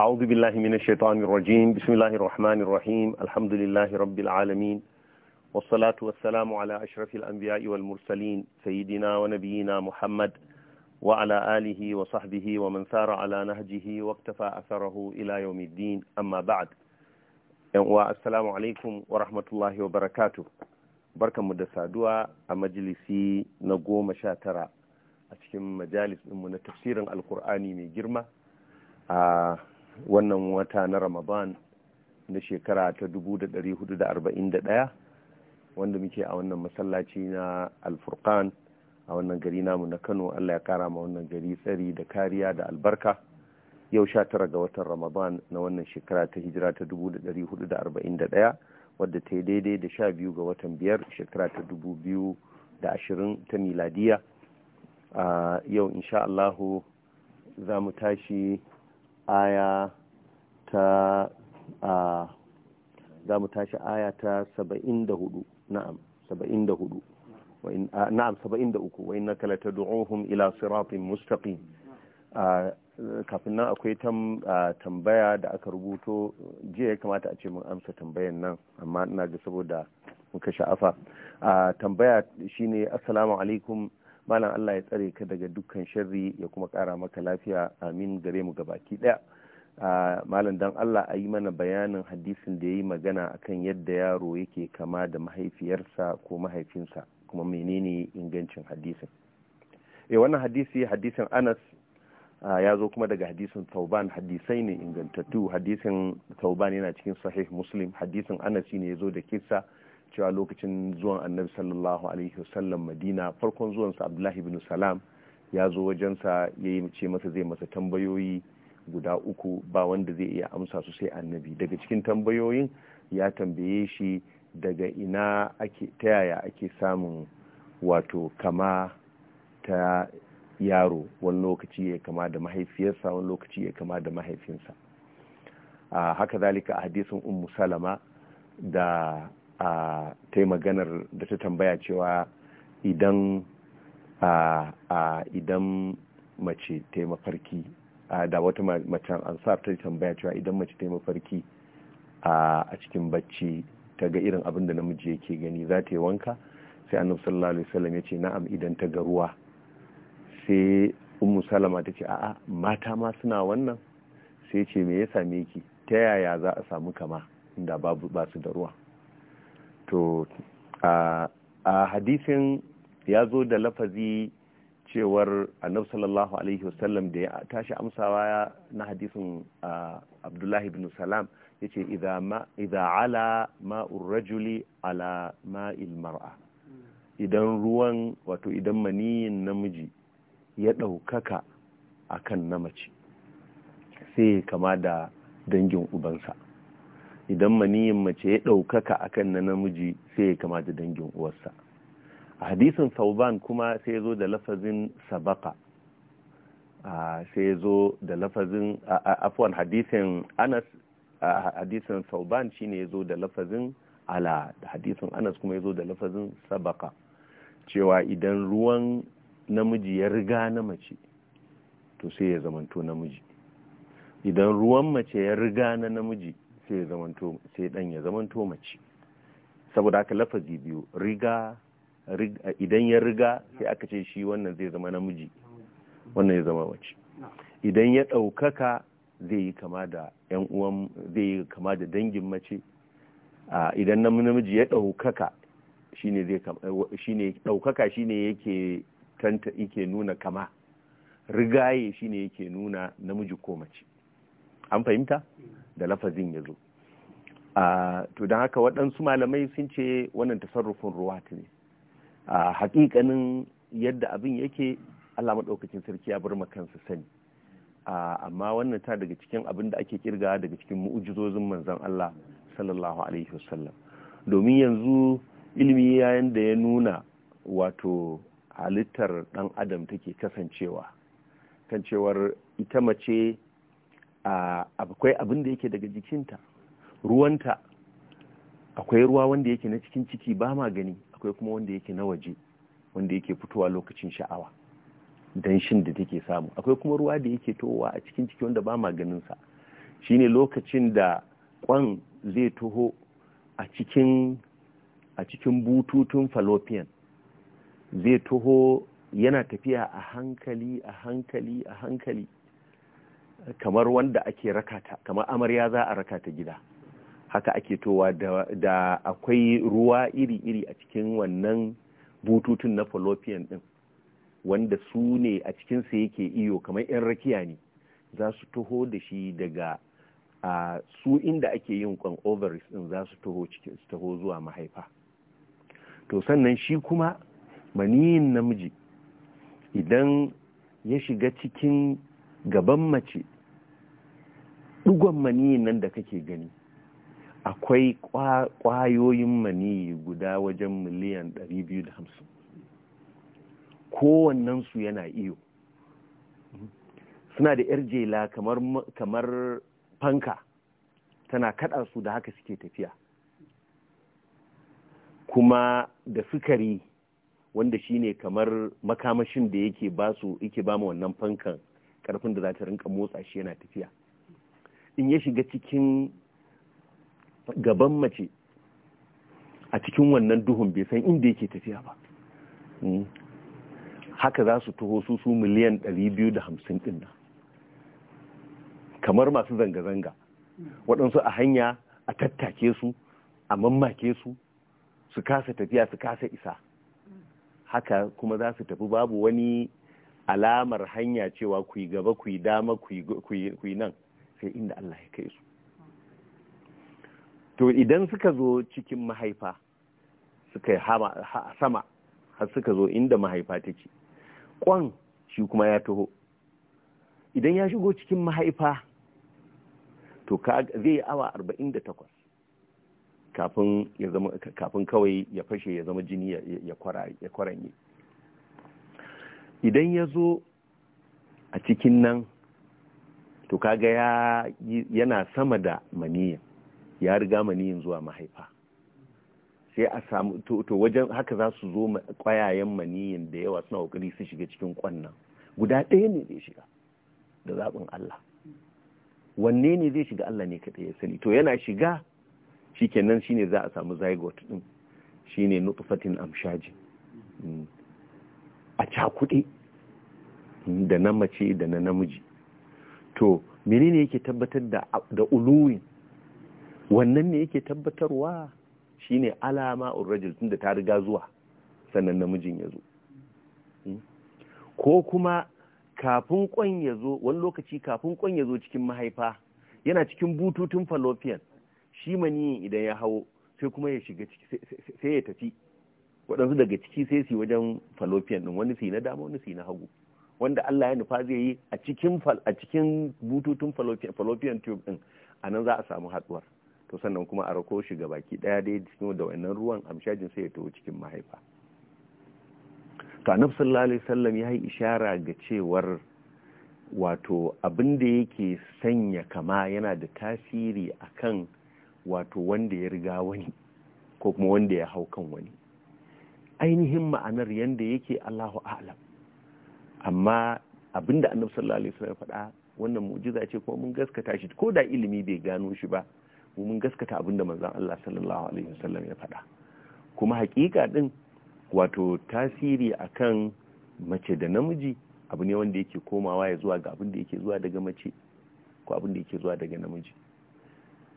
أعوذ بالله من الشيطان الرجيم بسم الله الرحمن الرحيم الحمد لله رب العالمين والصلاة والسلام على أشرف الأنبياء والمرسلين سيدنا ونبينا محمد وعلى آله وصحبه ومن سار على نهجه واقتفى أثره إلى يوم الدين أما بعد والسلام عليكم ورحمة الله وبركاته بركة مدسة دواء مجلسي نقوم شاترا أشكم مجالس من تفسير القرآن من جرمة آه wannan wata na ramadan na shekara ta 1441 wanda muke a wannan masallaci na alfurkan a wannan gari namu na kano allah ya kara ma wannan gari tsari da kariya da albarka yau 19 ga watan ramadan na wannan shekara ta hijira ta 1441 wadda ta yi daidai da 12 ga watan biyar shekara ta 2020 ta miladiya ah, yau insha allahu za mu tashi aya ta za mu tashi aya ta saba'in da hudu na'am saba'in da hudu na'am saba'in da 73 wa kalata latad'uhum ila sirafin mustaqim kafin nan akwai tambaya da aka rubuto jiya ya kamata a ce mun amsa tambayan nan amma ina ga saboda muka sha'afa tambaya shine assalamu alaikum malam Allah ya tsare ka daga dukkan sharri ya kuma kara maka lafiya amin gare mu baki daya malam dan Allah a yi mana bayanin hadisin da ya yi magana akan yadda yaro yake kama da mahaifiyarsa ko mahaifinsa kuma menene ingancin hadisin eh wannan hadisi hadisin Anas ya zo kuma daga hadisin tauban hadisai ne ingantattu hadisin tauban yana cikin sahih muslim hadisin anas ne ya zo da kisa cewa lokacin zuwan annabi sallallahu alaihi wasallam madina farkon zuwansa abdullahi bin salam ya zo wajensa ya yi ce masa zai masa tambayoyi guda uku ba wanda zai iya amsa su sai annabi daga cikin tambayoyin ya tambaye shi daga ina ake ta yaya ake samun wato kama ta yaro wani lokaci ya kama da mahaifiyarsa wani lokaci ya kama da mahaifinsa a haka zalika a hadisin ummu salama da a ta yi maganar da ta tambaya cewa idan mace ta da wata macen ansar ta tambaya cewa idan mace ta yi mafarki a cikin bacci ta ga irin abin da namiji yake gani za ta yi wanka sai annabi sallallahu alaihi wasallam ya ce na'am idan ta ga ruwa sai ummu salama ta ce a'a mata ma suna wannan sai ce me ya same ki ta yaya za a samu kama inda babu ba su da ruwa to a hadisin ya zo da lafazi cewar annabi sallallahu alaihi wasallam da ya tashi amsawa na hadisin abdullahi ibn salam ya ce idha ala ma'ur rajuli ala ma'il mar'a idan ruwan wato idan maniyin namiji ya ɗaukaka akan na mace sai kama da dangin ubansa idan maniyin mace ya ɗaukaka akan na namiji sai ya kamata dangin uwarsa a hadisin sauban kuma sai ya zo da lafazin sabaka sai ya zo da lafazin afuwan hadisin anas hadisin sauban shine ya zo da lafazin ala hadisin anas kuma ya zo da lafazin sabaka cewa idan ruwan namiji ya riga na mace to sai ya zamanto namiji idan ruwan mace ya riga na namiji sai dan ya zamanto mace saboda aka lafazi biyu riga idan ya riga sai aka ce shi wannan zai zama namiji wannan ya zama mace idan ya ɗaukaka zai yi kama da yan uwan zai yi kama da dangin mace idan namiji ya ɗaukaka shine zai shine ɗaukaka shine yake tanta yake nuna kama rigaye shine yake nuna namiji ko mace an fahimta da lafazin ya zo to don haka waɗansu malamai sun ce wannan tasarrufin ta ne a hakikanin yadda abin yake allah maɗaukacin sarki ya bar makansa sani amma wannan ta daga cikin abin da ake kirga daga cikin mu'ujizozin manzon allah sallallahu alaihi wasallam domin yanzu ilimi yayin da ya nuna wato halittar ɗan adam take kasancewa kan cewar ita mace akwai abin da yake daga jikinta ruwanta akwai ruwa wanda yake na cikin ciki ba ma gani akwai kuma wanda yake na waje wanda yake fitowa lokacin sha'awa danshin da take samu akwai kuma ruwa da yake towa a cikin ciki wanda ba ma ganinsa shine lokacin da kwan zai toho a cikin a cikin bututun fallopian zai toho yana tafiya a hankali a hankali a hankali kamar wanda ake rakata kamar amarya za a rakata gida haka ake towa da akwai ruwa iri-iri a cikin wannan bututun na fallopian din wanda su ne a cikinsa yake iyo kamar 'yan rakiya ne za su taho da shi daga a su inda ake yin kwan ovaries din za su taho cikin su taho zuwa mahaifa to sannan shi kuma maniyin namiji idan ya shiga cikin gaban mace ɗugon maniyin nan da kake gani akwai kwayoyin maniyi guda wajen miliyan 250 su yana iyo suna da 'yar jela kamar fanka tana kada su da haka suke tafiya kuma da sukari wanda shine kamar makamashin da yake ba su yake ba wannan fankan karfin da za ta rinka motsa shi yana tafiya in ya shiga cikin gaban mace a cikin wannan duhun bai san inda yake tafiya ba hmm. haka za su taho su su miliyan 250 ɗin nan kamar masu zanga-zanga waɗansu a hanya a tattake su a mammake su su kasa tafiya su kasa isa haka kuma za su tafi babu wani alamar hanya cewa ku gaba ku yi dama ku nan sai inda Allah ya kai su to idan suka zo cikin mahaifa suka yi sama har suka zo inda mahaifa ta take kwan shi kuma ya taho idan ya shigo cikin mahaifa to zai awa 48 kafin kafin kawai ya fashe ya zama jini ya kwaranye idan ya zo a cikin nan to kaga yana sama da maniyan ya riga maniyin zuwa mahaifa sai a samu to wajen haka za su zo kwayayen maniyin da yawa suna kokari su shiga cikin kwannan guda ɗaya ne zai shiga da zaɓin Allah wanne ne zai shiga Allah ne kaɗai ya sani to yana shiga shikenan shine za a samu zygote din shine nutfatin amshaji hmm. a cakuɗe hmm, da na mace da na namiji to menene yake tabbatar da da uluwin wannan ne yake tabbatarwa shine alama urrajil da ta riga zuwa sannan namijin ya zo hmm? ko kuma kafin kwan ya zo wani lokaci kafin kwan ya zo cikin mahaifa yana cikin bututun fallopian shi maniyin idan ya hau sai kuma ya shiga sai ya tafi waɗansu daga ciki sai su wajen fallopian ɗin wani su na dama wani su na hagu wanda Allah ya nufa zai yi a cikin a cikin bututun fallopian tube ɗin a nan za a samu haɗuwar to sannan kuma a rako shi ɗaya daya dai cikin da wannan ruwan amshajin sai ya taho cikin mahaifa to annabi sallallahu alaihi wasallam ya yi ishara ga cewar wato abin da yake sanya kama yana da tasiri akan wato wanda ya riga wani ko kuma wanda ya hau kan wani ainihin ma'anar yanda yake Allahu a'lam amma abin da annabi sallallahu alaihi wasallam faɗa wannan mu'jiza ce kuma mun gaskata shi ko da ilimi bai gano shi ba mu mun gaskata abin da manzon Allah sallallahu alaihi wasallam ya faɗa kuma hakika din wato tasiri akan mace da namiji abu ne wanda yake komawa ya zuwa ga abin da yake zuwa daga mace ko abin da yake zuwa daga namiji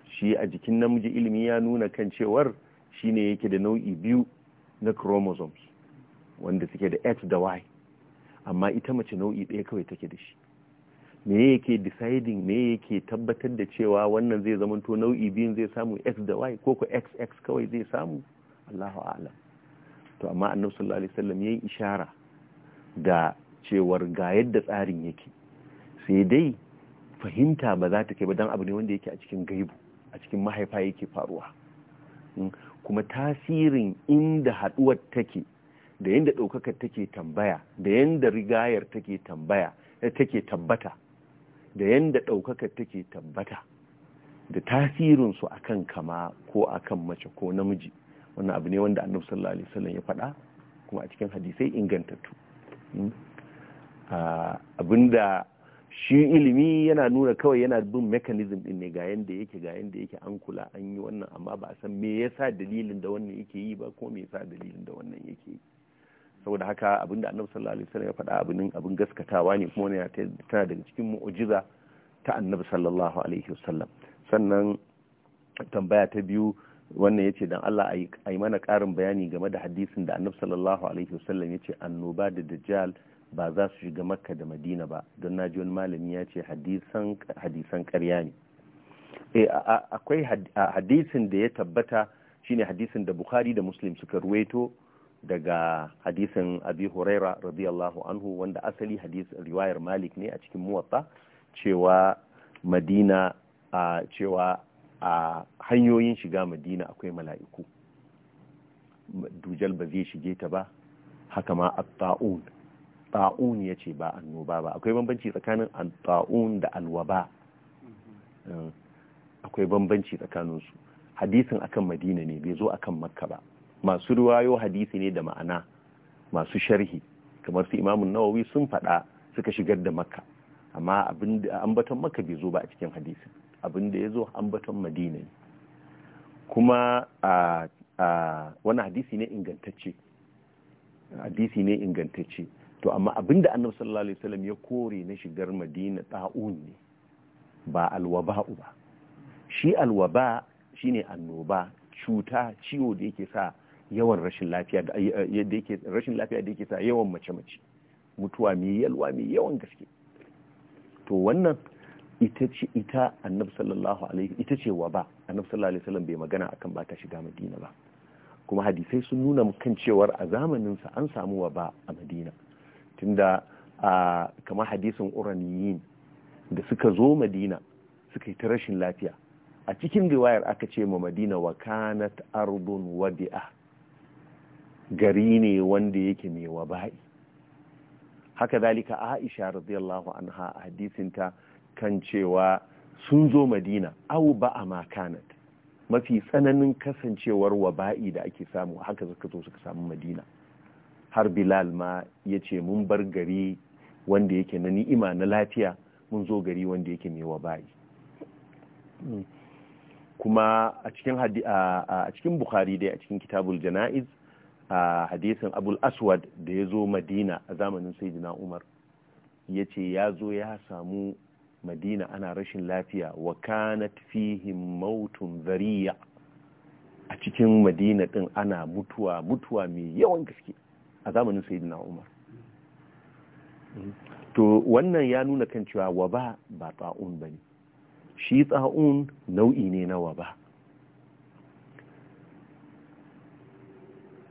shi a jikin namiji ilimi ya nuna kan cewar shine yake da nau'i biyu na chromosomes wanda suke da x da y amma ita mace nau'i ɗaya kawai take da shi me yake deciding me yake tabbatar da cewa wannan zai zamanto nau'i biyun zai samu x da y ko ko xx kawai zai samu Allahu a'lam to amma annabi sallallahu alaihi wasallam yayin ishara da cewar ga yadda tsarin yake sai dai fahimta ba za ta kai ba dan abu ne wanda yake a cikin gaibu a cikin mahaifa yake faruwa hmm? kuma tasirin inda haduwar take da yanda ɗaukakar take tambaya da yanda rigayar take tambaya eh, take tabbata da yanda ɗaukaka take tabbata da tasirinsu a kan kama ko akan mace ko namiji wannan abu ne wanda annabi sallallahu alaihi wasallam ya faɗa kuma a cikin hadisai ingantattu hmm? abinda shi ilimi yana nuna kawai yana bin mechanism din ne ga yanda yake ga yanda yake an kula an yi wannan amma ba a san me yasa dalilin da wannan yake yi ba ko me yasa dalilin da wannan yake yi saboda haka abin da annabi sallallahu alaihi wasallam ya faɗa abin abin gaskatawa ne kuma ne tana daga cikin mu'jiza ta annabi sallallahu alaihi wasallam sannan tambaya ta biyu wannan yace dan Allah a yi mana ƙarin bayani game da hadisin da annabi sallallahu alaihi wasallam yace annoba da dajjal ba za su shiga makka da madina ba don na ji wani malami ya ce hadisan karya ne eh, akwai hadisin da ya tabbata shine hadisin da bukhari da muslim suka ruwaito daga hadisin abi huraira radiyallahu anhu wanda asali hadis riwayar malik ne a cikin muwatta cewa madina a cewa a hanyoyin shiga madina akwai mala'iku dujal ba zai shige ta ba haka ma at-ta'un ta'un ya ce ba annoba ba akwai bambanci tsakanin at-ta'un da alwaba mm-hmm. eh, akwai bambanci su hadisin akan madina ne bai zo akan makka ba masu ruwayo hadisi ne da ma'ana masu sharhi kamar su imamun nawawi sun faɗa suka shigar da makka amma ambaton makka bai zo ba a cikin hadisin abin da ya zo ambaton madina ne kuma wani hadisi ne ingantacce hadisi ne ingantacce to amma abin da annabi sallallahu alaihi wasallam ya kore na shigar madina ta'un ne ba alwaba'u ba shi alwaba shine annoba cuta ciwo da yake sa yawan rashin lafiya da eh, eh, yake rashin lafiya da yake sa yawan mace-mace mutuwa mai yalwa mai yawan gaske to wannan ita ce ita annabi sallallahu alaihi ita ce wa ba annabi sallallahu alaihi wasallam bai magana akan ba ta shiga madina ba kuma hadisai sun nuna kan cewar a zamanin sa an samu wa ba a madina tunda a kamar hadisin uraniyin da suka zo madina suka yi ta rashin lafiya a cikin riwayar aka ce ma madina wa kanat ardun wadi'a gari ne wanda yake mai waba'i haka zalika aisha radiyallahu anha a hadisinta kan cewa sun zo madina au ba a makanat mafi tsananin kasancewar waba'i da ake samu haka suka zo suka samu madina har bilal ma ya ce mun bar gari wanda yake na ni'ima na lafiya mun zo gari wanda yake mai waba'i kuma a cikin bukhari dai a cikin kitabul jana'iz a hadisin abul aswad da ya zo madina a zamanin sayyidina umar ya ce ya zo ya samu madina ana rashin lafiya wa kanat fihim mautun zariya a cikin madina din ana mutuwa mutuwa mai yawan gaske a zamanin sayyidina umar to wannan ya nuna kan cewa waba ba tsa'un ba ne shi tsa'un nau'i ne na waba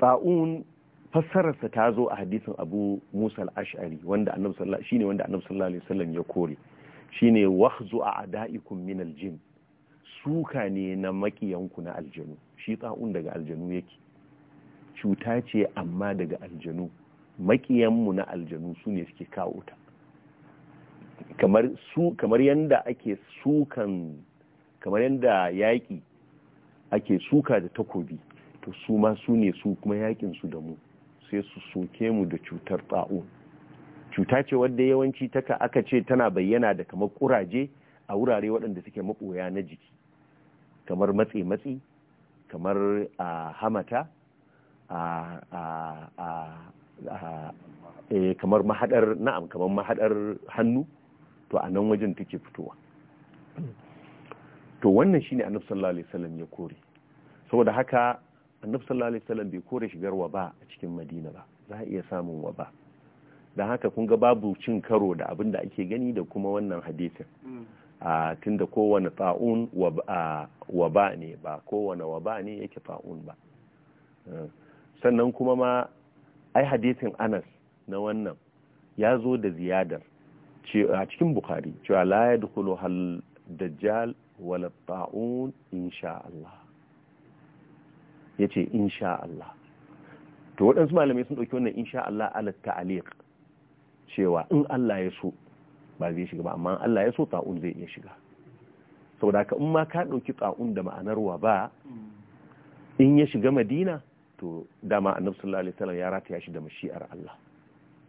ta'un fassararsa ta zo a hadisin abu musa al-ash'ari wanda annabi wanda annabi sallallahu alaihi wasallam ya kore shine wahzu a ada'ikum min al suka ne na makiyanku na aljanu shi ta'un daga aljanu yake cuta ce amma daga aljanu makiyanmu na aljanu su ne suke kawo ta kamar su kamar yanda ake sukan kamar yanda yaƙi ake suka da takobi to su ma su ne su kuma yakin su da mu sai su soke mu da cutar ta'un cuta ce wadda yawanci taka aka ce tana bayyana da kamar kuraje a wurare waɗanda suke maɓoya na jiki kamar matse-matsi kamar a hamata eh, kamar mahadar na'am kamar mahadar hannu to a nan wajen take fitowa to wannan shine annabi sallallahu alaihi wasallam ya kore saboda haka annabi sallallahu alaihi wasallam bai kore shigar waba a cikin madina ba za a iya samun waba don haka kun ga babu cin karo da abin da ake gani da kuma wannan hadisin mm. a tunda kowane fa'un waba ne ba kowane waba ne yake fa'un ba eh, sannan kuma ma ai hadisin anas na wannan ya zo da ziyadar a cikin bukari cewa la ya dukulu hal dajjal wala ta'un insha Allah ya ce insha Allah to waɗansu malamai sun ɗauki wannan insha Allah alat ta'aliq cewa in Allah ya so ba zai shiga ba amma Allah ya so ta'un zai iya shiga saboda ka in ma ka ɗauki ta'un da ma'anar wa ba in ya shiga Madina to dama annabi sallallahu alaihi wasallam ya rataya shi da mashi'ar Allah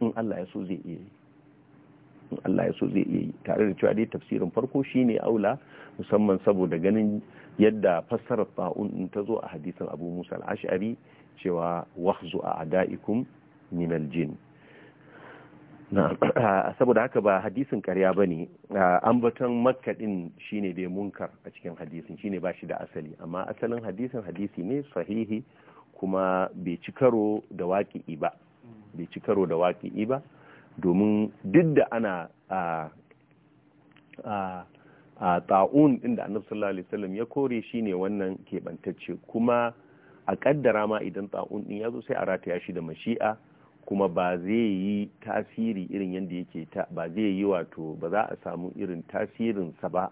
in Allah ya so zai iya yi in Allah ya so zai iya yi tare da cewa dai tafsirin farko shine aula musamman saboda ganin yadda fassarar ta'un in ta zo a hadisan abu musa al'ashari cewa wahzu a ada'ikum min aljin saboda haka ba hadisin karya ba ne ambaton makaɗin shine dai munkar a cikin hadisin shine ba shi da asali amma asalin hadisin hadisi ne sahihi kuma bai ci karo da waƙi'i ba ba domin duk da ana a ta'un din da annabi sallallahu alaihi wasallam ya kore shine wannan keɓantacce kuma a kaddara ma idan ta'un din ya zo sai a rataya shi da mashi'a kuma ba zai yi tasiri irin yadda yake ta ba zai yi wato ba za a samu irin tasirin sa ba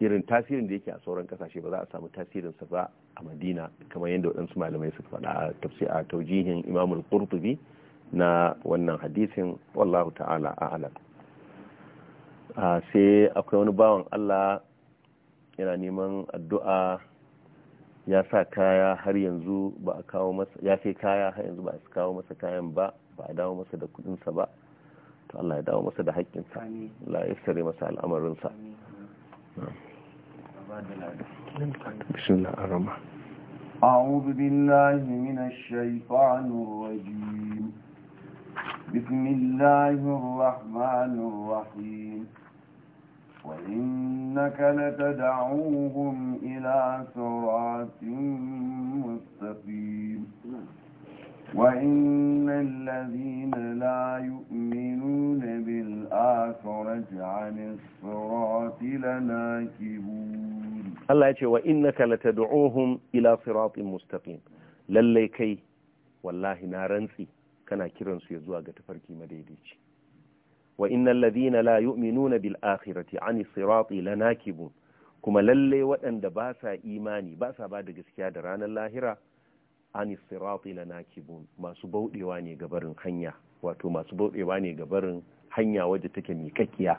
irin tasirin da yake a sauran kasashe ba za a samu tasirin sa ba a Madina kamar yadda waɗansu malamai suka faɗa a tafsir a taujihin Imam al-Qurtubi na wannan hadisin wallahu ta'ala a'lam sai akwai wani bawan Allah yana neman addu'a ya sa kaya har yanzu ba a kawo masa ya sai kaya har yanzu ba a kawo masa kayan ba ba a dawo masa da kudinsa ba to Allah ya dawo masa da haƙƙinsa la ya sare masa al'amarinsa أعوذ بالله من الشيطان الرجيم بسم الله الرحمن الرحيم وإنك لتدعوهم إلى صراط مستقيم وإن الذين لا يؤمنون بالآخرة عن الصراط لناكبون الله يقول وإنك لتدعوهم إلى صراط مستقيم للي كي والله نارنسي كان كيرنسي يزواج تفركي مديديتي wa innal ladina la yu'minuna bil akhirati ani sirati lanakibun kuma lalle waɗanda ba sa imani ba sa ba da gaskiya da ranar lahira ani sirati lanakibun masu bauɗewa ne ga barin hanya wato masu bauɗewa ne ga barin hanya wadda take miƙaƙiya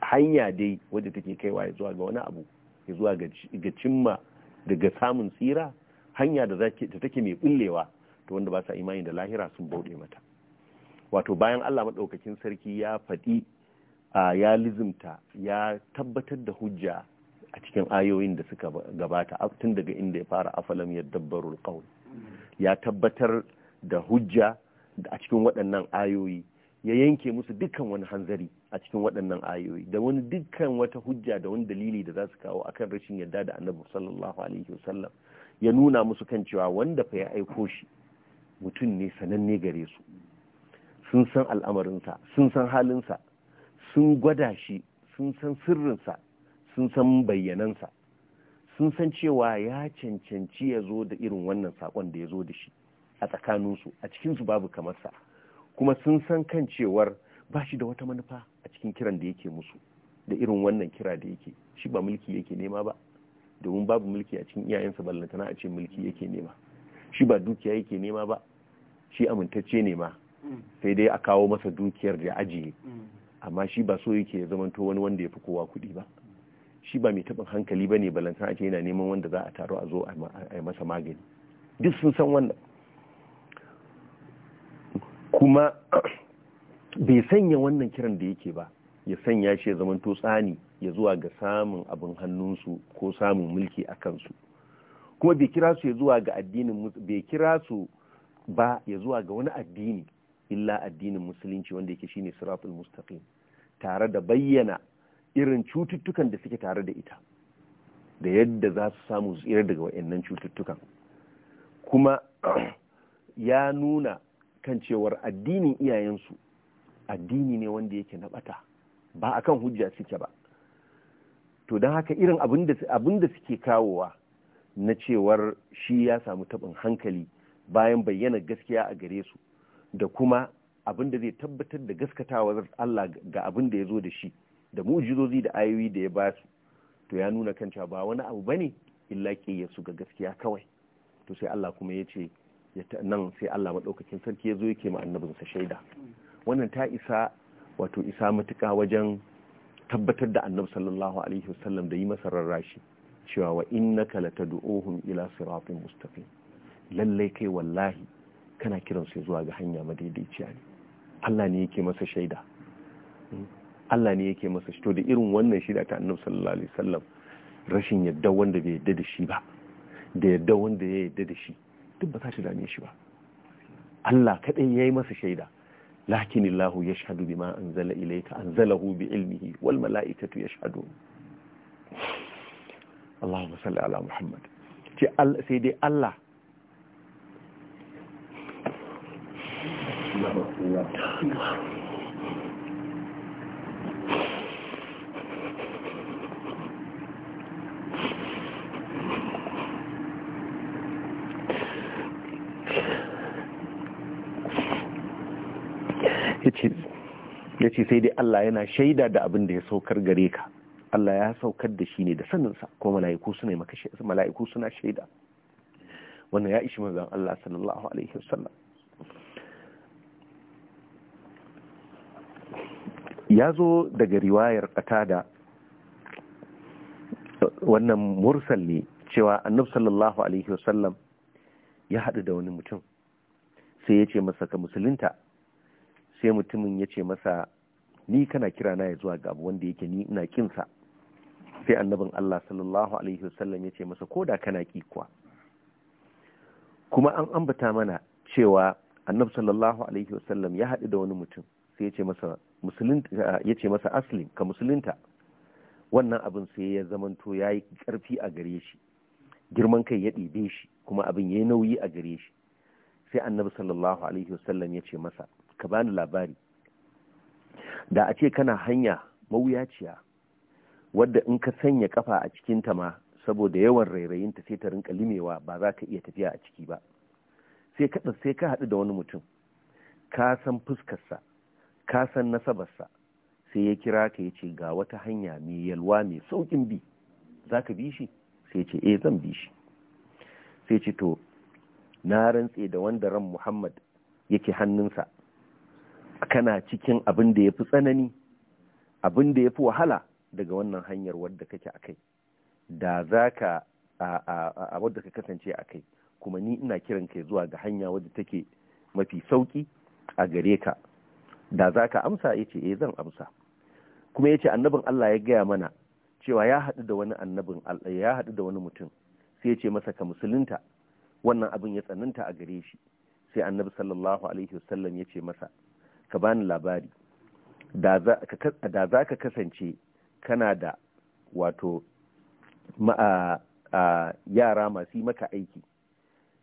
hanya dai wadda take kaiwa ya zuwa ga wani abu ya zuwa ga cimma daga samun tsira hanya da take mai bullewa to wanda ba sa imani da lahira sun bauɗe mata wato bayan Allah maɗaukakin sarki ya faɗi ya lizimta ya tabbatar da hujja a cikin ayoyin da suka gabata tun daga inda ya fara afalam ya dabbarul qaul ya tabbatar da hujja a cikin waɗannan ayoyi ya yanke musu dukkan wani hanzari a cikin waɗannan ayoyi da wani dukkan wata hujja da wani dalili da za su kawo akan rashin yadda da annabi sallallahu alaihi wasallam ya nuna musu kan cewa wanda fa ya aiko shi mutum ne sananne gare su sun san al'amarinsa sun san halinsa sun gwada shi sun san sirrinsa sun san bayyanansa sun san cewa ya cancanci ya zo da irin wannan sakon da ya zo da shi a tsakaninsu a cikinsu babu kamarsa kuma sun san kan cewar ba shi da wata manufa a cikin kiran da yake musu da irin wannan kira da yake shi ba mulki yake nema ba domin babu mulki a cikin iyayensa ballantana a ce mulki yake nema shi ba dukiya yake nema ba shi amintacce ne ma sai dai a kawo masa dukiyar da ajiye amma shi ba so yake ya zamanto wani wanda ya fi kowa kuɗi ba shi ba mai taɓin hankali ba ne balantan ake yana neman wanda za a taro a zo a yi masa magani duk sun san wanda kuma bai sanya wannan kiran da yake ba ya sanya shi ya zamanto tsani ya zuwa ga samun abin hannunsu ko samun mulki a kansu kuma bai kira su ya zuwa ga addinin bai kira su ba ya zuwa ga wani addini illa addinin musulunci wanda yake shine siratul mustaqim tare da bayyana irin cututtukan da suke tare da ita da yadda za su samu tsira daga wayannan cututtukan kuma ya nuna kan cewar addinin iyayensu addini ne wanda yake na bata ba akan hujja suke ba to don haka irin abin da suke kawowa na cewar shi ya samu tabin hankali bayan bayyana gaskiya a gare su da kuma abin da zai tabbatar da gaskatawar Allah ga abin da ya zo da shi da mu'jizozi da ayoyi da ya ba su to ya nuna kan cewa ba wani abu bane illa ke su ga gaskiya kawai to sai Allah kuma ya ce nan sai Allah maɗaukakin sarki ya zo yake ma annabinsa shaida wannan ta isa wato isa matuƙa wajen tabbatar da annabi sallallahu alaihi wasallam da yi masa rarrashi cewa wa innaka latad'uhum ila siratin mustaqim lallai kai wallahi kana kiran su zuwa ga hanya madaidaiciya ne Allah ne yake masa shaida hmm? Allah ne yake masa to da irin wannan shida ta annabi sallallahu alaihi wasallam rashin yadda wanda bai yadda da shi ba da yadda wanda ya yadda da shi duk ba za ta dame shi ba Allah kadai yayi masa shaida lakin Allah yashhadu bima anzala ilayka anzalahu bi ilmihi wal malaikatu yashhadu Allahumma salli ala Muhammad sai dai Allah ya ce sai dai Allah yana shaida da abin da ya saukar gare ka Allah ya saukar da shi ne da saninsa ko mala'iku suna shaida wannan ya ishi mazan Allah sallallahu alaihi wasallam ya zo daga riwayar qatada wannan mursal ne cewa annab sallallahu alaihi wasallam ya haɗu da wani mutum sai ya ce masa ka musulunta sai mutumin ya ce masa ni kana kira na ya zuwa ga abu wanda yake ni ina kinsa sai annabin Allah sallallahu alaihi wasallam ya ce masa ko da kana ki kuwa kuma an ambata mana cewa annab sallallahu alaihi wasallam ya haɗu da wani mutum sai ya ce masa ya ce masa aslim ka musulunta wannan abin sai ya zamanto ya yi ƙarfi a gare shi girman kai ya ɗibe shi kuma abin ya yi nauyi a gare shi sai annabi sallallahu alaihi wasallam ya ce masa ka bani labari da a ce kana hanya mawuyaciya wadda in ka sanya kafa a cikinta ma saboda yawan rairayinta sai ta rinka limewa ba za ka iya tafiya a ciki ba sai ka sai ka haɗu da wani mutum ka san fuskarsa kasan nasabarsa sai ya kira ka ya ce ga wata hanya mai yalwa mai saukin bi za ka bi shi sai ce eh zan bi shi sai ce to na rantse da wanda ran muhammad yake hannunsa kana cikin abin da ya fi tsanani abin da ya fi wahala daga wannan hanyar wadda kake a kai da za ka a wadda ka kasance a kai kuma ni ina kiran kai zuwa ga hanya wadda take mafi sauki a gare ka da za ka amsa ya ce eh, zan amsa kuma ya ce annabin Allah ya gaya mana cewa ya haɗu da wani annabin Allah ya haɗu da wani mutum sai ya ce masa ka musulunta wannan abin ya tsananta a gare shi sai annabi sallallahu alaihi wasallam ya ce masa ka bani labari da za ka kasance kana da wato yara masu yi maka aiki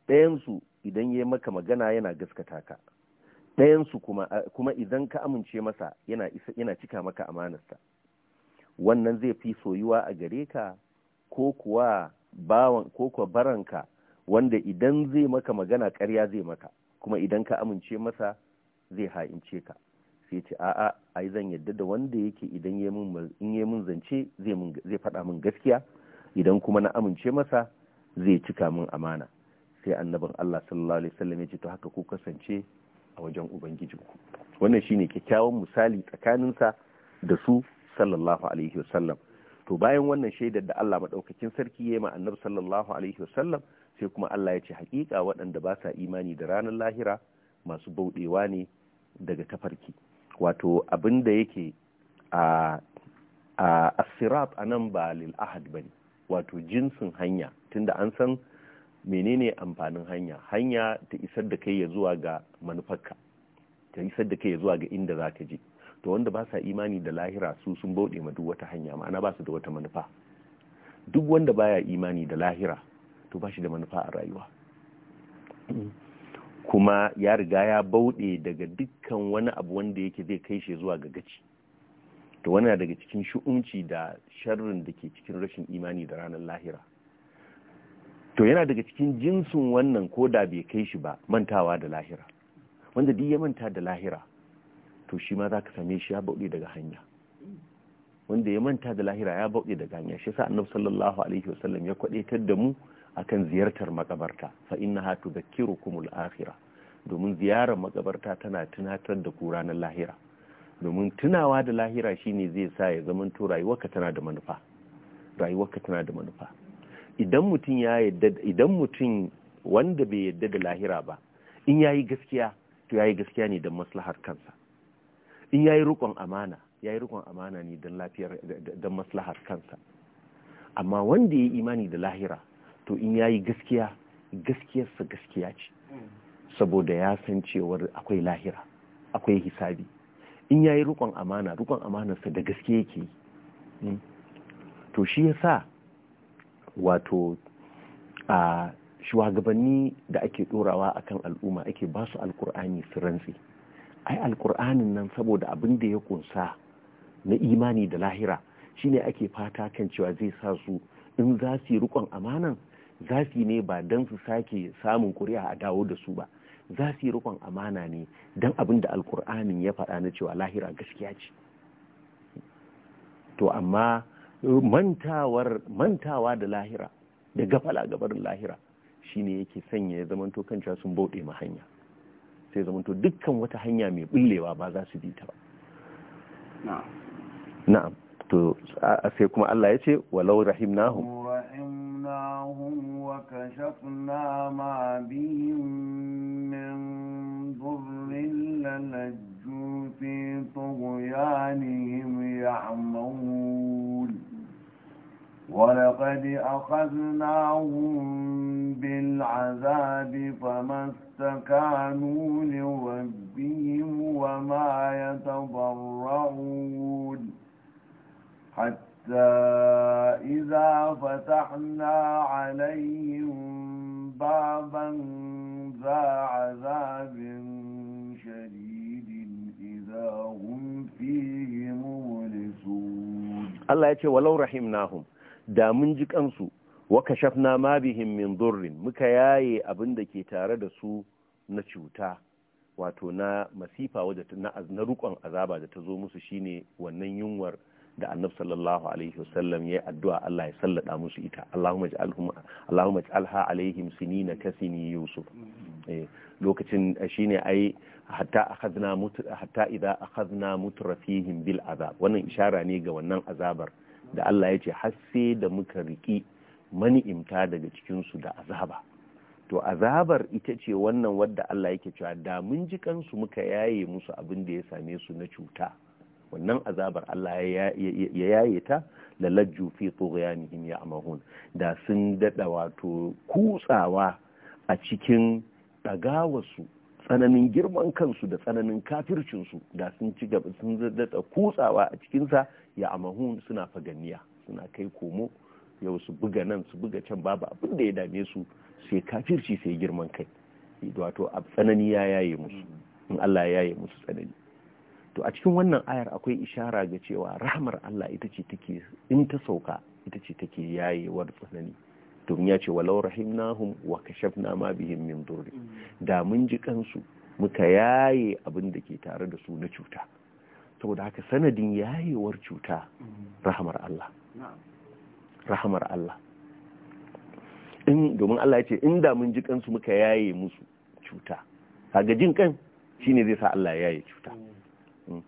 ɗayansu idan ya maka magana yana gaskata ka ɗayansu kuma kuma idan ka amince masa yana cika maka amanarsa wannan zai fi soyuwa a gare ka ko kuwa bawan ko kuwa baranka wanda idan zai maka magana ƙarya zai maka kuma idan ka amince masa zai ha'ince ka sai ce a'a ai zan yadda da wanda yake idan in ya mun zance zai faɗa min gaskiya idan kuma na amince masa zai cika min amana sai annabin Allah sallallahu alaihi wasallam ya ce to haka ku kasance a wajen ubangijinku wannan shine kyakkyawan misali tsakaninsa da su sallallahu alaihi wasallam to bayan wannan shaidar da Allah madaukakin sarki ya ma annabi sallallahu alaihi wasallam sai kuma Allah ya ce hakika waɗanda ba sa imani da ranar lahira masu bauɗewa ne daga tafarki wato abin da yake a a asirat anan ba lil ahad bane wato jinsin hanya tunda an san menene amfanin hanya hanya ta isar da kai ya zuwa ga manufarka ta isar da kai ya zuwa ga inda za ka je to wanda ba sa imani da lahira su sun bauɗe ma duk wata hanya ma'ana ba su da wata manufa duk wanda baya imani da lahira to ba shi da manufa a rayuwa kuma ya riga ya bauɗe daga dukkan wani abu wanda yake zai kai shi zuwa ga gaci to wani daga cikin shu'unci da sharrin da ke cikin rashin imani da ranar lahira to yana daga cikin jinsin wannan ko da bai kai shi ba mantawa da lahira wanda duk ya manta da lahira to shi ma za ka same shi ya bauɗe daga hanya wanda ya manta da lahira ya bauɗe daga hanya shi sa annabi sallallahu alaihi wasallam ya kwadaitar da mu akan ziyartar makabarta fa innaha tudhakkirukumul akhirah domin ziyarar makabarta tana tunatar da ku ranar lahira domin tunawa da lahira shine zai sa ya zamanto rayuwarka tana da manufa rayuwarka tana da manufa idan mutum ya yadda idan mutum wanda bai yadda da lahira ba in yayi gaskiya to yayi gaskiya ne don maslahar kansa in yayi rikon amana yayi rikon amana ne don lafiyar don maslahar kansa amma wanda ya imani da lahira to in yayi gaskiya gaskiyarsa gaskiya ce saboda ya san cewar akwai lahira akwai hisabi in yayi rikon amana rikon amanarsa da gaske yake yi hmm. to shi yasa wato a shugabanni da ake ɗorawa akan al'umma ake ba su alkur'ani su rantsi ai alkur'anin nan saboda abin da ya kunsa na imani da lahira shine ake fata kan cewa zai sa su in za su yi rikon amanan za su ne ba don su sake samun kuri'a a dawo da su ba za su yi rikon amana ne don abin da alkur'anin ya faɗa na cewa lahira gaskiya ce to amma mantawar mantawa da lahira da gafala gabarin lahira shine yake sanya ya zamanto kanta sun bauɗe ma hanya sai zamanto dukkan wata hanya mai bullewa ba za su bi ta ba na'am to sai kuma Allah ya ce walau rahimnahum rahimnahum wa kashafna ولقد أخذناهم بالعذاب فما استكانوا لربهم وما يتضرعون حتى إذا فتحنا عليهم بابا ذا عذاب شديد إذا هم فيه مبلسون الله يقول ولو رحمناهم da mun ji kansu wa kashafna ma bihim min durrin muka yaye abin da ke tare da su na cuta wato na masifa wadda na na rukon azaba da ta zo musu shine wannan yunwar da annab sallallahu alaihi wasallam ya addu'a Allah ya sallada musu ita Allahumma ij'alhum Allahumma ij'alha alaihim sinina kasini yusuf eh, lokacin eh, shine ai hatta akhadna mut hatta idza akhadna mutrafihim bil azab wannan ishara ne ga wannan azabar da Allah ya ce hasse da muka riƙi mani'imta daga cikinsu da azaba to azabar ita ce wannan wadda Allah yake cewa da mun ji kansu muka yaye musu abin da ya same su na cuta wannan azabar Allah ya yaye ta lalajju fi tughyanihim ya'mahun da sun dada wato kutsawa a cikin dagawarsu tsananin girman kansu da tsananin kafircinsu da sun ci gaba sun dada kutsawa a cikinsa ya amahun suna faganniya suna kai komo yau su buga nan su buga can babu abin da ya dame su sai kafirci sai girman kai wato a tsanani ya yaye musu in Allah ya yaye musu tsanani to a cikin wannan ayar akwai ishara ga cewa rahmar Allah ita ce take in ta sauka ita ce take yayewar tsanani domin ya ce walau rahimnahum wa kashafna ma bihim min durri mm. da mun ji kansu muka yaye abin da ke tare da su na cuta saboda haka sanadin yayewar cuta rahamar Allah rahamar Allah in domin Allah ya ce in da mun ji kansu muka yaye musu cuta kaga jin kan ne zai sa Allah ya yaye cuta mm.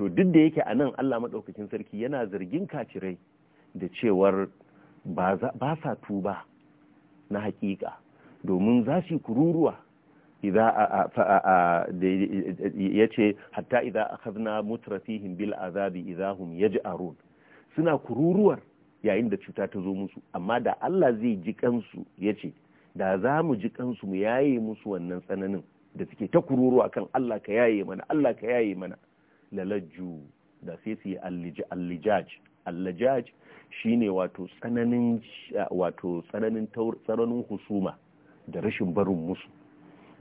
to duk da yake a nan Allah madaukakin sarki yana zargin kacirai da cewar ba sa tuba na hakika domin za su kururuwa ya ce hatta idan akhadna mutrafihin bil azabi idahum yaj'arun suna kururuwar yayin da cuta ta zo musu amma da Allah zai ji kansu ya ce da za mu ji kansu mu yaye musu wannan tsananin da suke ta kururuwa kan Allah ka yaye mana Allah ka yaye mana lalajju da sai su yi allijaj shine wato wato tsananin husuma da rashin barin musu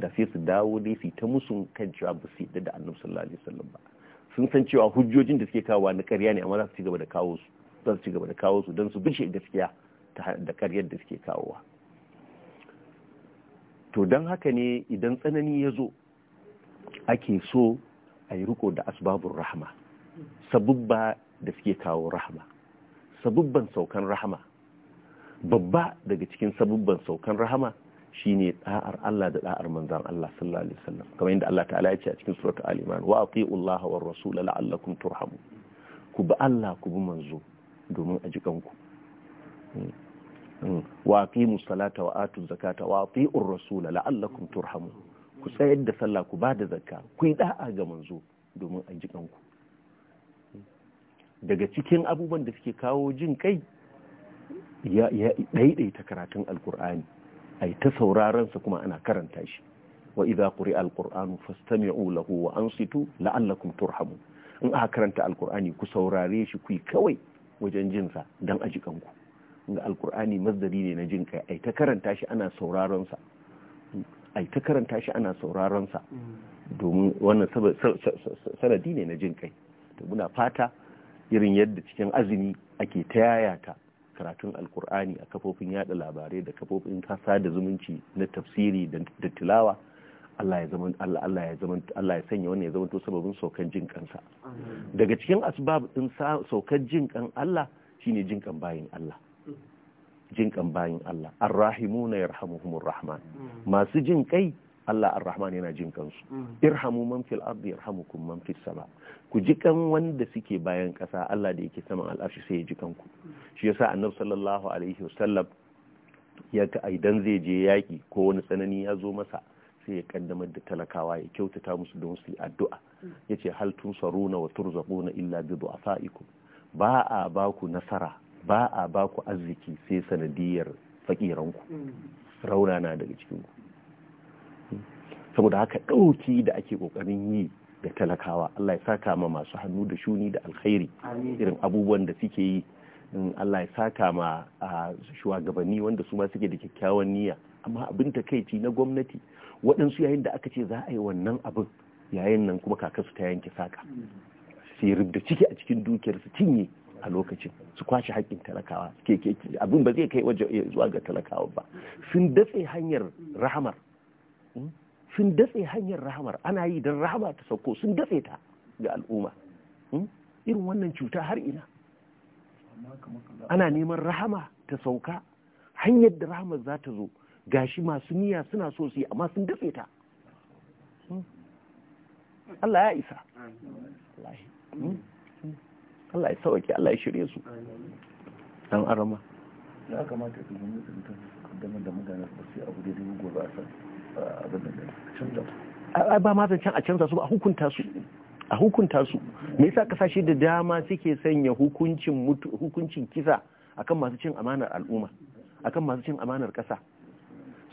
da sai su dawo ne su ta musu kan cewa ba su da annabi sallallahu alaihi wasallam ba sun san cewa hujjojin da suke kawo na karya ne amma za su ci gaba da kawo su za su ci gaba da kawo su don su bishe gaskiya da ƙaryar da suke kawowa to don haka ne idan tsanani ya zo ake so a yi riko da asbabun rahama sabubba da suke kawo rahama sabubban saukan rahama babba daga cikin sabubban saukan rahama shine da'ar Allah da da'ar manzon Allah sallallahu alaihi wasallam kamar yadda Allah ta'ala ya ce a cikin suratul al-iman wa atiullaha war rasul la'allakum turhamu ku bi Allah ku bi manzo domin a jikan ku wa aqimu salata wa atu zakata wa atiur rasul la'allakum turhamu ku tsayar da sallah ku bada zakka ku yi da'a ga manzo domin a jikan ku daga cikin abubuwan da suke kawo jin kai ya daidaita karatun alqur'ani ai ta sauraron sa kuma ana karanta shi wa idza quri'a alqur'anu fastami'u lahu wa ansitu la'allakum turhamu in aka karanta alqur'ani ku saurare shi ku kawai wajen jin sa dan aji kanku Inga alqur'ani mazdari ne na jin kai ai ta karanta shi ana sauraron sa ai ta karanta shi ana sauraron sa domin wannan sanadi ne na jin kai to muna fata irin yadda cikin azumi ake ta yayata karatun alkur'ani a kafofin yada labarai da kafofin kasa da zumunci na tafsiri da tilawa Allah ya sanya wannan ya zama to sababin saukan jin kansa daga cikin asbab din saukan jin kan Allah shine jin kan bayin Allah jin kan bayin Allah arrahimuna yarhamuhumur rahman hmm. masu jin kai Allah arrahman yana jin kansu hmm. irhamu man fil ardi yarhamukum man fis sama' ku ji kan wanda suke bayan ƙasa Allah da yake saman al'arshi sai ya ji kanku shi yasa annabi sallallahu alaihi wasallam ya ka idan zai je yaki ko wani tsanani ya zo masa sai ya kaddamar da talakawa ya kyautata musu don su yi addu'a yace hal tun na wa na illa bi du'afaikum ba a ba ku nasara ba a ba ku arziki sai sanadiyar faƙiranku. rauna na daga cikinku saboda haka ɗauki da ake ƙoƙarin yi da talakawa Allah ya saka ma masu hannu da shuni da alkhairi irin abubuwan da suke yi Allah ya saka ma shugabanni wanda su ma suke da kyakkyawan niyya amma abin ta takaici na gwamnati waɗansu yayin da aka ce za a yi wannan abin yayin nan kuma kakansu ta yanke saka su yi rubda ciki a cikin dukiyar su cinye a lokacin su kwashe haƙƙin talakawa abin ba zai kai waje zuwa ga talakawa ba sun datse hanyar rahamar hmm? sun datse hanyar rahamar ana yi don rahama ta sauko sun datse ta ga al'umma hmm? irin wannan cuta har ina ana neman rahama ta sauka hanyar da rahamar za ta zo gashi masu niyya suna so su yi amma sun datse ta hmm? Allah ya isa hmm? Allah ya sauke Allah ya shirye su dan arama ya kamata ka yi mutunta da mutane ba abu da gobe a sani ba ma zancen a canza su ba a hukunta su a hukunta su me yasa kasashe da dama suke sanya hukuncin kisa hukuncin kisa akan masu cin amanar al'umma akan masu cin amanar kasa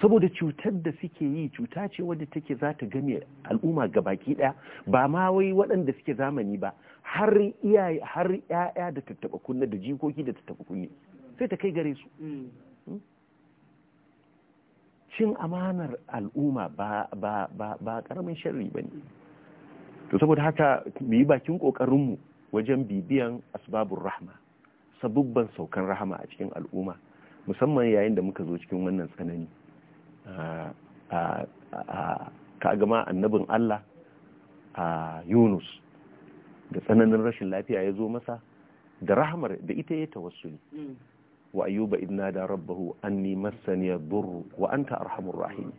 saboda cutar da suke yi cuta ce wadda take za ta game al'umma ga baki daya ba ma wai waɗanda suke zamani ba har 'ya'ya da tattaba kunna da jikoki da tattaba kunne sai ta kai gare su mm. cin amanar al'umma ba ba ba ba ne. sharri to saboda haka mu yi bakin kokarin mu wajen bibiyan asbabur rahma sabubban saukan rahma a cikin al'umma musamman yayin da muka zo cikin wannan tsanani ka gama annabin Allah a Yunus da tsananin rashin lafiya ya zo masa da rahmar da ita ya tawassuli hmm. wa ayyuba idna da rabbahu anni massani yadurru wa anta arhamur rahim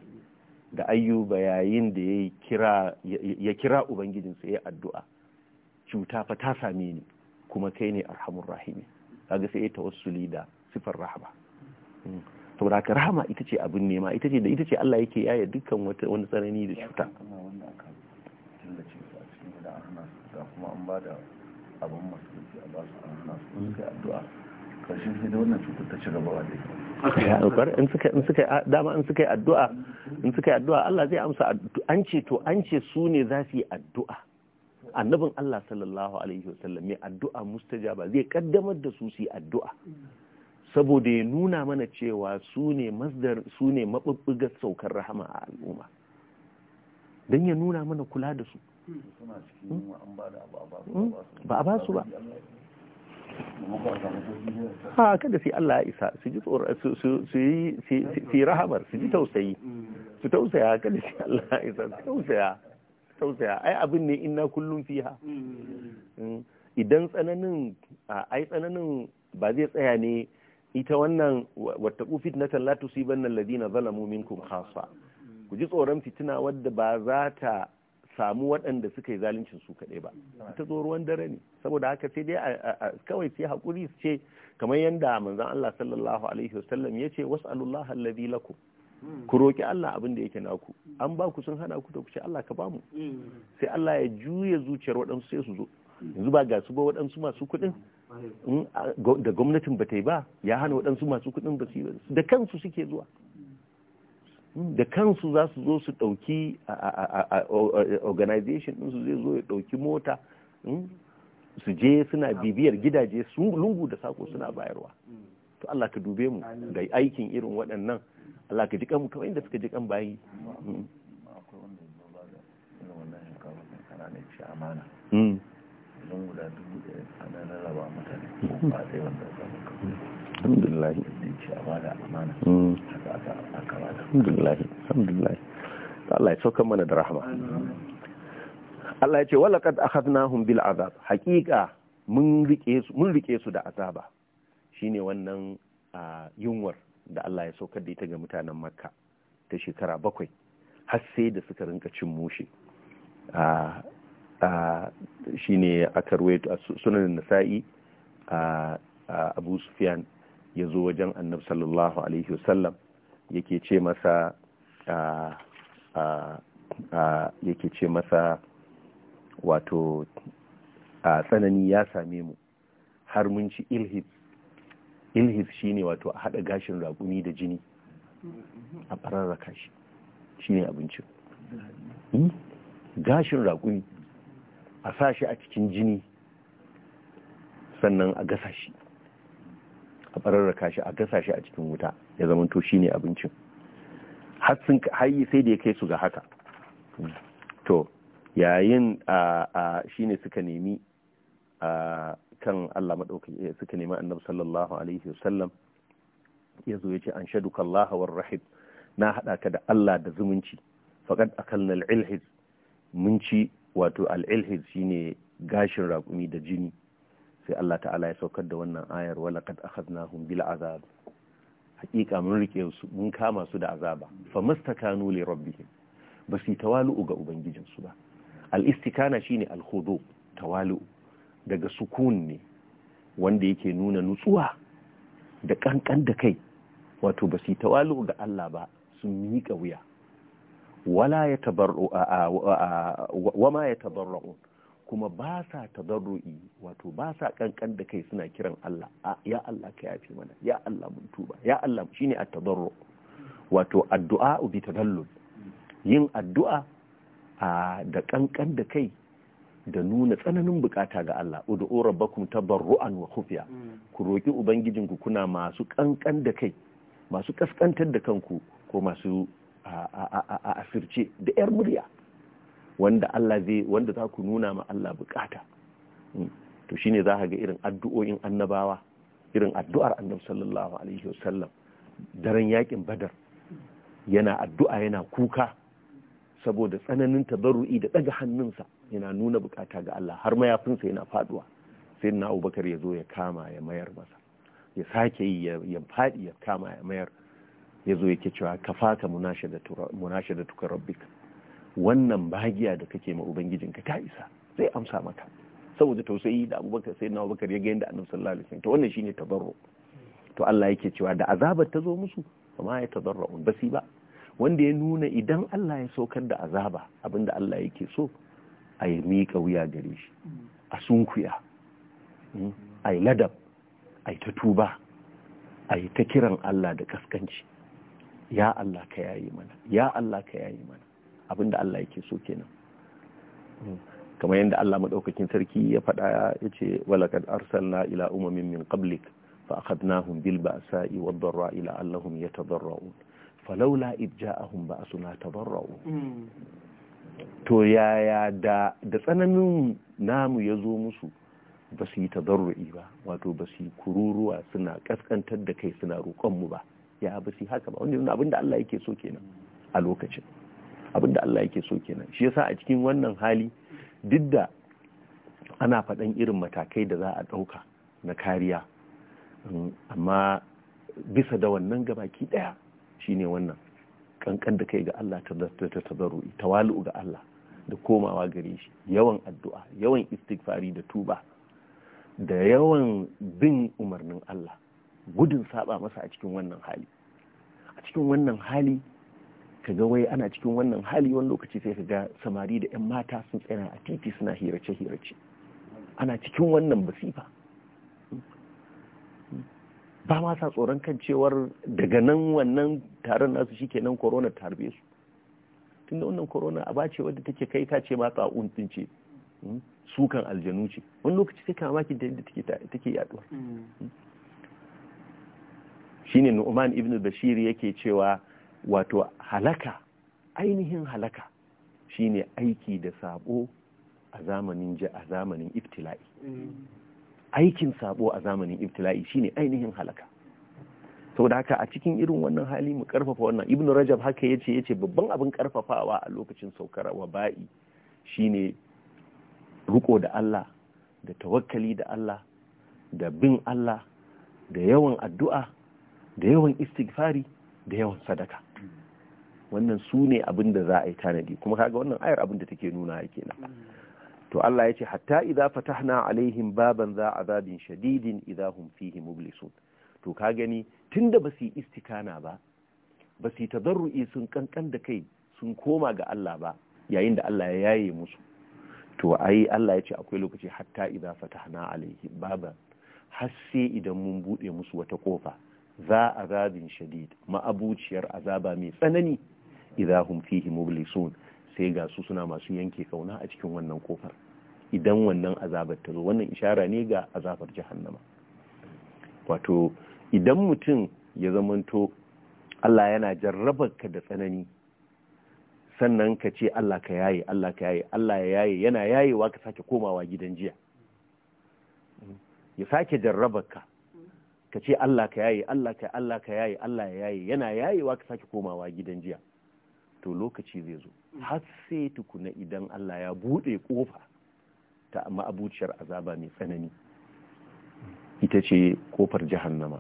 da ayyuba yayin da ya kira ya kira ubangijinsa ya addu'a cuta fa ta same ni kuma kai ne arhamur rahim kaga sai ya tawassuli da sifar rahama hmm. da ka rahama ita ce abin nema ita ce da ita ce Allah yake yaya dukkan wani tsanani da cuta kuma an ba da abin masu a ba su addu'a karshen sai da wannan cutar ta ci gaba wadai in suka in dama in suka yi addu'a in suka yi addu'a Allah zai amsa an ce to an ce su ne za su yi addu'a annabin Allah sallallahu alaihi wasallam mai addu'a mustajaba zai kaddamar da su su yi addu'a saboda ya nuna mana cewa su ne masdar su ne mabubbugar saukar rahama a al'umma don ya nuna mana kula da su hmm? hmm? ba a ba su ba ha kada sai Allah ya isa su ji tsoro su yi su yi rahabar su ji tausayi su tausaya kada sai Allah ya isa su tausaya tausaya ai abin ne inna kullum fiha hmm. idan tsananin ai tsananin ba zai tsaya ne ita wannan wattaqu fitnatan la tusibanna ladina zalamu minkum khasa ku ji tsoron fitina wadda ba za ta samu waɗanda suka yi zaluncin su kaɗai ba ta zo ruwan dare ne saboda haka sai dai kawai sai haƙuri su ce kamar yadda manzon Allah sallallahu alaihi wasallam ya ce was'alullaha alladhi lakum ku roki Allah abin da yake naku an ba ku sun hana ku da ku Allah ka bamu sai Allah ya juya zuciyar waɗansu sai su zo yanzu ba ga su ba waɗansu masu kuɗin da gwamnatin ba ta yi ba ya hana waɗansu masu kuɗin ba su da kansu suke zuwa da kansu za su zo su ɗauki organization su zai zo ya ɗauki mota hmm, su je suna bibiyar gidaje su lungu da sako suna bayarwa mm. to Allah ka dube mu ga aikin irin waɗannan Allah ka jikan mu kamar inda suka jikan bayi mm. mm. alhamdulillah Allah ya mana da rahama Allah ya ce a akhadnahum bil azab haqiqa mun rike su mun rike su da azaba shine wannan yunwar da Allah ya saukar da ita ga mutanen Makka ta shekara bakwai har sai da suka rinka cin mushe shine aka ruwaito sunan nasa'i abu sufyan ya zo wajen annabi sallallahu alaihi wasallam yake ce masa yake ce masa wato a tsanani ya same mu har mun ci ilhif ilhif shine wato a haɗa gashin raƙumi da jini a ɓararraka shi shine abincin hmm? gashin raƙumi a sa shi a cikin jini sannan a gasa shi a fararraka shi a gasa shi a cikin wuta ya zamanto ne abincin har sai da ya kai su ga haka to yayin a shine suka nemi a kan Allah maɗauki eh, suka nemi annabi sallallahu alaihi wasallam ya zo ya ce an shaɗu kallaha war rahib na haɗa ka da Allah da zumunci faƙad kan al'ilhiz mun ci wato al'ilhiz ne gashin raƙumi da jini sai Allah ta'ala ya saukar da wannan ayar kad akhadnahum bil azab hakika mun rike su mun kama su da azaba Fa famastakanu li rabbihim basu tawalu ga ubangijin su ba al istikana shine al khudu tawalu daga sukun ne wanda yake nuna nutsuwa da kankan da kai wato basu tawalu ga Allah ba sun miƙa wuya wala yatabarru wa ma yatabarru kuma ba sa tadarru'i wato ba sa kankan da kai suna kiran Allah ya Allah ka yafe mana ya Allah mun tuba ya Allah shine at-tadarru wato addu'a bi tadallul yin addu'a da kankan da kai da nuna tsananin bukata ga Allah ud'u rabbakum tadarruan wa khufiya mm. ku roki ubangijinku kuna masu kankan da kai masu kaskantar da kanku ko masu a asirce da yar murya wanda Allah zai wanda za ku nuna ma Allah bukata hmm. to shine za ka ga irin addu'o'in annabawa irin addu'ar annabi sallallahu alaihi wasallam daren yakin badar yana addu'a yana kuka saboda tsananin tabarru'i da daga hannunsa yana nuna bukata ga Allah har mayafinsa yana faduwa sai na Abubakar ya zo ya kama ya mayar masa ya sake yi ya fadi ya kama ya mayar ya zo yake cewa kafaka munashada munashe da tukar rabbika wannan bagiya da kake ma ubangijinka ta isa zai amsa maka saboda tausayi da abubakar sai na abubakar ya ga yadda annabi sallallahu alaihi wasallam to wannan shine tabarru to Allah yake cewa da azabar ta zo musu amma ya tadarra'un basi ba wanda ya nuna idan Allah ya saukar da azaba abinda Allah yake so a yi miƙa wuya gare shi a sunkuya hmm, a yi ladab a yi ta tuba a yi ta kiran Allah da kaskanci ya Allah ka yayi mana ya Allah ka yayi mana abinda Allah yake so kenan kamar yadda Allah madaukakin sarki ya faɗa yace ce walaqad arsalna ila umamin min qablik fa akhadnahum bil ba'sa'i wad ila allahum yatadarra'un falawla id ja'ahum ba'suna tadarra'u to yaya da da tsananin namu yazo musu ba su yi tadarru'i ba wato ba kururuwa suna kaskantar da kai suna roƙon mu ba ya ba su haka ba wanda abin abinda Allah yake so kenan a lokacin Abin da Allah yake so kenan shi yasa a cikin wannan hali duk da ana faɗan irin matakai da za a ɗauka na kariya um, amma bisa da wannan gabaki ɗaya shine wannan kankan da kai ga Allah ta tabarru'i tawalu ga Allah da komawa gare shi yawan addu'a yawan istighfari da tuba da yawan bin umarnin Allah gudun saba masa a cikin wannan hali a cikin wannan hali ka ga wai ana cikin wannan hali wani lokaci sai ka ga samari da 'yan mata sun tsaya a titi suna hirace-hirace ana cikin wannan basifa ba ma sa tsoron kan cewar daga nan wannan taron nasu nan corona ta harbe su tunda wannan corona a bace wadda take kai ka ce mata a din ce hmm, sukan aljanu ce wani lokaci sai kama maki da take yaduwa mm. shine nu'man ibn bashir yake cewa wato halaka ainihin halaka shine aiki da sabo a zamanin a zamanin ibtila'i aikin sabo a zamanin ibtila'i shine ainihin halaka da haka a cikin irin wannan hali mu karfafa wannan ibnu rajab haka yace yace babban abin karfafawa a lokacin saukar wa ba'i shine ruko da Allah da tawakkali da Allah da bin Allah da yawan addu'a da yawan istighfari da yawan sadaka wannan su ne abin da za a yi tanadi kuma kaga wannan ayar abin da take nuna ya kenan to Allah ya ce hatta idza fatahna alaihim baban za azabin shadidin idza hum fihi mublisun to ka gani tunda ba su yi istikana ba ba su yi tadarru'i sun kankan da kai sun koma ga Allah ba yayin da Allah ya yaye musu to ai Allah ya ce akwai lokaci hatta idza fatahna alaihim baban har sai idan mun buɗe musu wata kofa za a zabin shadid ma'abuciyar azaba mai tsanani idahun fihi mublisun sai ga su suna masu yanke kauna a cikin wannan kofar idan wannan azabar ta zo wannan ishara ne ga azabar jahannama wato idan mutum ya zamanto Allah yana jarrabarka da tsanani sannan ka ce Allah ka yaye Allah ka yaye Allah ya yaye yana yayewa ka sake komawa gidan jiya ya sake jarrabarka ka ce Allah ka yaye Allah ka Allah ka yaye Allah ya yaye yana yayewa ka sake komawa gidan jiya to lokaci zai zo har sai tukuna idan Allah ya buɗe ƙofa ta ma'abuciyar azaba mai tsanani ita ce ƙofar jahannama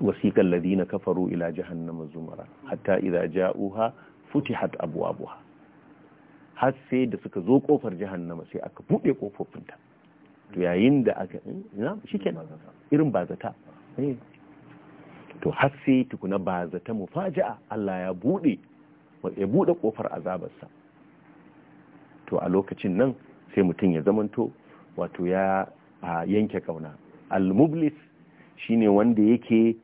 wasiƙar ladina kafaru ila jahannama zumara hatta idza ja'uha futihat abwabuha har sai da suka zo ƙofar jahannama sai aka buɗe ta. to yayin da aka na shikenan irin bazata eh. to har sai tukuna bazata mufaja'a Allah ya buɗe ya buɗe ƙofar azabarsa to a lokacin nan sai mutum ya zamanto wato ya a yanke ƙauna al-mublis shine wanda yake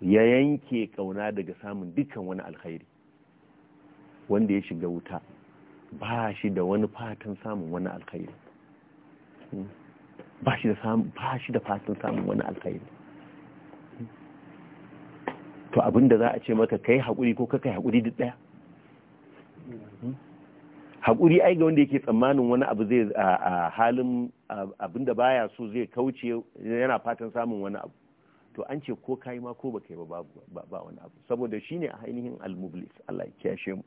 ya yanke ƙauna daga samun dukkan wani alkhairi wanda ya shiga wuta ba shi da wani fatan samun wani alkhairi ba shi da fatan samun wani alkhairi to abinda za a ce maka kai haƙuri ko kai hakuri duk ɗaya haƙuri ai ga wanda yake tsammanin wani abu zai a halin abin baya so zai kauce yana fatan samun wani abu to an ce ko kai ma ko baka yi ba ba wani abu saboda shine ainihin al-mublis Allah ya kiyashe mu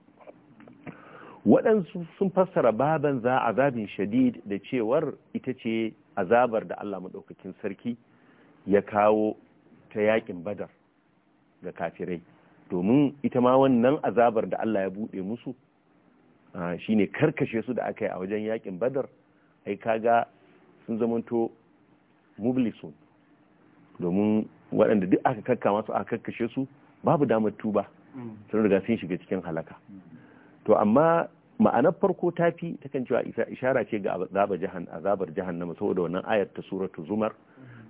waɗansu sun fassara baban za azabin shadid da cewar ita ce azabar da Allah maɗaukakin sarki ya kawo ta yakin badar ga kafirai domin ita ma wannan azabar da Allah ya buɗe musu shine karkashe su da aka yi a wajen yakin badar ai kaga sun zamanto mublisun domin waɗanda duk aka kakka su aka karkashe su babu damar tuba sun riga sun shiga cikin halaka to amma ma'anar farko ta fi takan cewa ishara ce ga azabar na saboda wannan ayar ta suratu zumar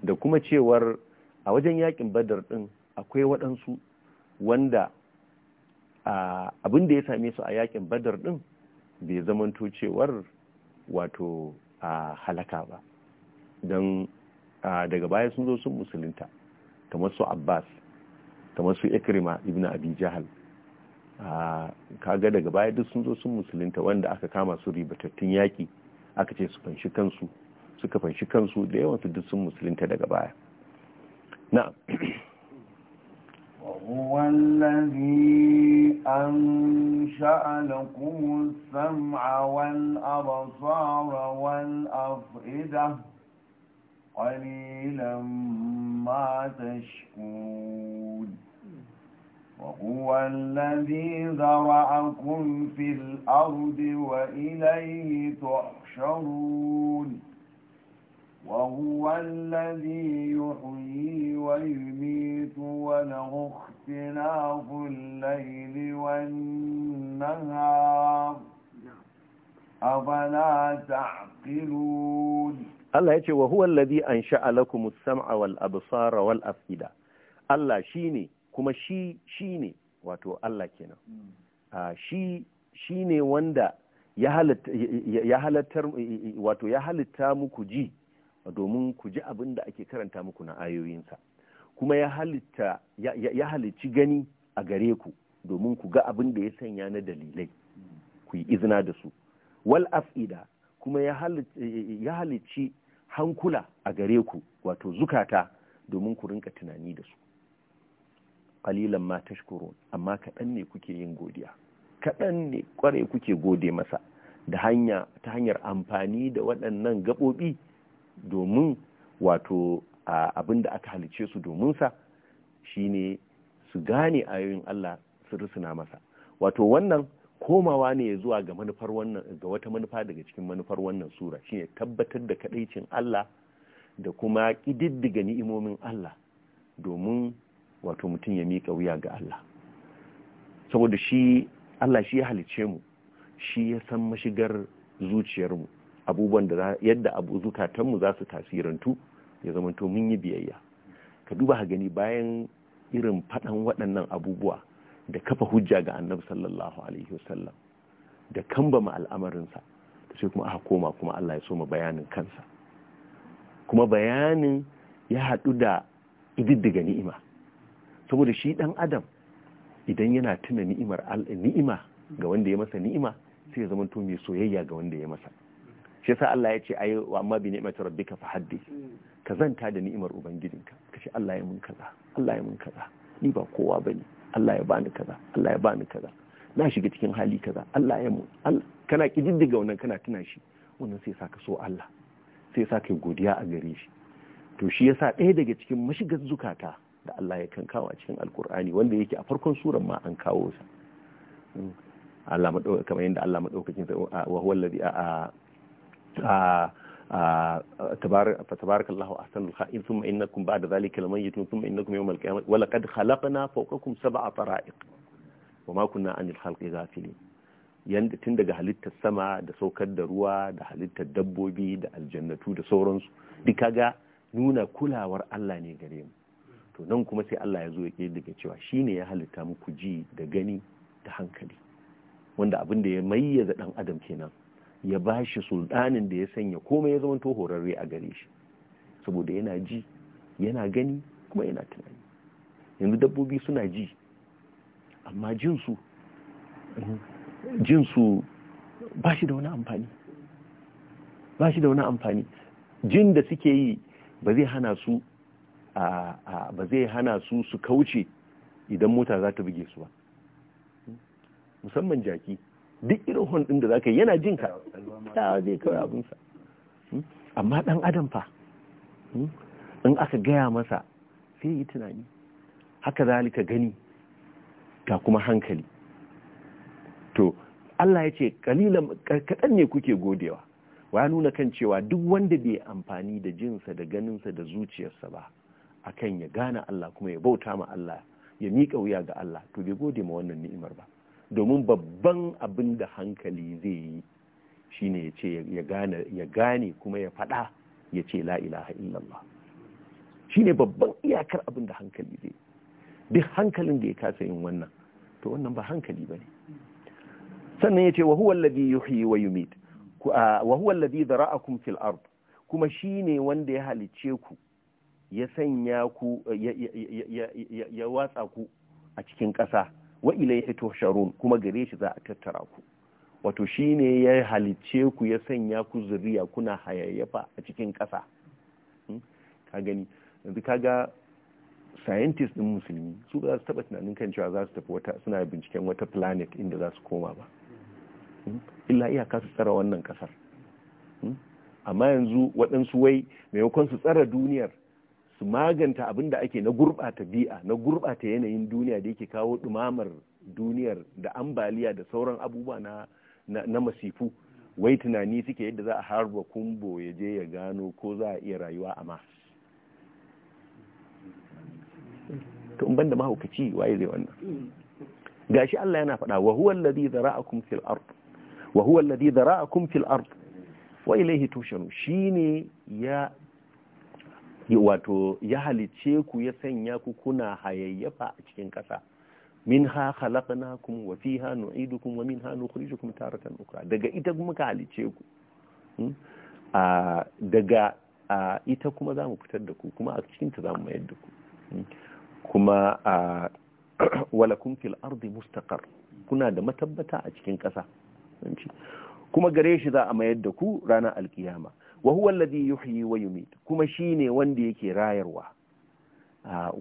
da kuma cewar a wajen yakin badar din akwai waɗansu wanda abin da ya same su a yakin badar din bai zamanto cewar wato a halaka ba don daga baya sun zo sun musulunta kamar su abbas kamar su ikrima ibn abi jahal ga daga baya duk sun zo sun musulunta wanda aka kama su ribatattun yaƙi aka ce su fanshi kansu suka fanshi kansu da su duk sun musulunta daga baya na'am هو الذي أنشأ لكم السمع والأبصار والأفئدة قليلا ما تشكون وهو الذي ذرأكم في الأرض وإليه تحشرون وهو الذي يحيي ويميت وله اختلاف الليل والنهار أفلا تعقلون الله يقول وهو الذي أنشأ لكم السمع والأبصار والأفئدة الله شيني كما شي شيني واتو الله كنا آه شي شيني وندا ya halatta wato ya halitta muku ji domin ku ji abin da ake karanta muku na ayoyinsa kuma ya halitta ya halicci gani a gare ku domin ku ga abin da ya sanya na dalilai ku yi izina da su wal af'ida kuma ya halicci hankula a gare ku wato zukata domin ku rinka tunani da su kalilan ma tashkurun amma kaɗan ne kuke yin godiya kaɗan ne kware kuke gode masa da hanya ta hanyar amfani da waɗannan gaɓoɓi domin wato abin da aka halice su sa shine su gane ayoyin Allah su rusuna masa wato wannan komawa ne ya zuwa ga manufar wannan ga wata manufa daga cikin manufar wannan sura shine tabbatar da kadaicin Allah da kuma kididdiga ni'imomin Allah domin wato mutum ya miƙa wuya ga Allah saboda shi Allah shi ya halice mu shi ya san mashigar zuciyarmu abubuwan da yadda abu zukatanmu za su tasirantu ya zama to mun yi biyayya ka duba ha gani bayan irin faɗan waɗannan abubuwa da kafa hujja ga annabi sallallahu alaihi wasallam da kambama al'amarinsa ta sai kuma aka koma kuma Allah ya soma bayanin kansa kuma bayanin ya haɗu da ididdiga ni'ima saboda shi ɗan adam idan yana tuna ni'imar ni'ima ga wanda ya masa ni'ima sai ya zama to mai soyayya ga wanda ya masa shi yasa Allah ya ce ayi wa amma bi ni'mati rabbika fa haddith ka zanta da ni'imar ubangijinka ce Allah ya mun kaza Allah ya mun kaza ni ba kowa bane Allah ya bani kaza Allah ya bani kaza na shiga cikin hali kaza Allah ya mun kana kididdiga wannan kana tuna shi wannan sai sa ka so Allah sai sa godiya a gare shi to shi yasa ɗaya daga cikin mashigar zukata da Allah ya kan kawo a cikin alkur'ani wanda yake a farkon suran ma an kawo sa hmm. Allah kamar yadda Allah madaukakin sa wa huwa alladhi a فتبارك الله أحسن الخائن ثم إنكم بعد ذلك لميتون ثم إنكم يوم القيامة ولقد خلقنا فوقكم سبع طرائق وما كنا عن الخلق غافلين yanda tun daga halittar sama da saukar da ruwa da halittar dabbobi da aljannatu da sauransu duk kaga nuna kulawar Allah ne gare mu to nan kuma sai Allah ya zo ya ke daga cewa shine ya halitta muku ji da gani da hankali wanda abin da ya mayyaza dan adam kenan ya ba shi sultanin da ya sanya komai ya zama to horarre a gare shi saboda yana ji yana gani kuma yana tunani yanzu dabbobi suna ji amma jinsu jinsu ba shi da wani amfani ba shi da wani amfani jin da suke yi ba zai hana su ba zai hana su su kauce idan mota za ta buge su ba musamman jaki duk irin hon ɗin da za ka yana jin ka ta zai kawai abinsa hmm? amma dan adam fa hmm? in aka gaya masa sai yi tunani haka zalika gani ga kuma hankali to Allah ya ce kalilan kaɗan ne kuke godewa wa nuna kan cewa duk wanda bai amfani da jinsa da ganinsa da zuciyarsa ba akan ya gane Allah kuma ya bauta ma Allah ya miƙa wuya ga Allah to bai gode ma wannan ni'imar ba domin babban abin da hankali zai yi shine ya ce ya gane kuma ya faɗa ya ce la ilaha illallah shine babban iyakar abin da hankali zai duk hankalin da ya kasa yin wannan to wannan ba hankali ba ne sannan ya ce wa huwa alladhi yuhyi wa yumit wa huwa alladhi zara'akum fil ard kuma shine wanda ya halicce ku ya sanya ku ya watsa ku a cikin ƙasa wa ilaihi tuhsharun kuma gare shi za a tattara ku wato shi ne ya halicce ku ya sanya ku zuriya kuna hayayyafa a cikin ƙasa hmm? ka gani yanzu kaga scientist din musulmi su ba za su taba tunanin kan cewa za su tafi wata suna binciken wata planet inda za su koma ba hmm? illa iyaka su tsara wannan kasar hmm? amma yanzu waɗansu wai maimakon su tsara duniyar su maganta abin da ake na gurɓata bi'a na gurɓata yanayin duniya da yake kawo ɗumamar duniyar da ambaliya da sauran abubuwa na, na, masifu wai tunani suke yadda za a harba kumbo ya je ya gano ko za a iya rayuwa a ma to in banda mahaukaci waye zai wannan gashi Allah yana faɗa wa huwa alladhi zara'akum fil ard wa huwa alladhi zara'akum fil ard wa ilayhi shine ya wato ya halice ku ya sanya ku kuna hayayyafa a cikin ƙasa minha khalaqnakum wa fiha hannu wa minha tara taratan ukra daga ita ka halice ku hmm? daga ita kuma za mu fitar da ku kuma a cikin ta mu mayar da ku hmm? kuma kun fil ardi mustaqar kuna da matabbata a cikin ƙasa kuma gare shi za a mayar da ku ranar alkiyama wa huwa alladhi yuhyi wa yumit kuma shine wanda yake rayarwa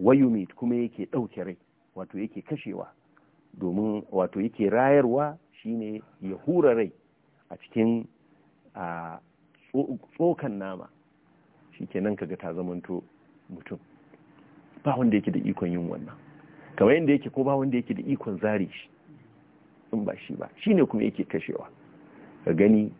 wa yumit kuma yake dauke rai wato yake kashewa domin wato yake rayarwa shine ya hura rai a cikin tsokan nama shikenan kaga ta zamanto mutum ba wanda yake da ikon yin wannan kamar yadda yake ko ba wanda yake da ikon zari shi in ba shi ba shine kuma yake kashewa ka gani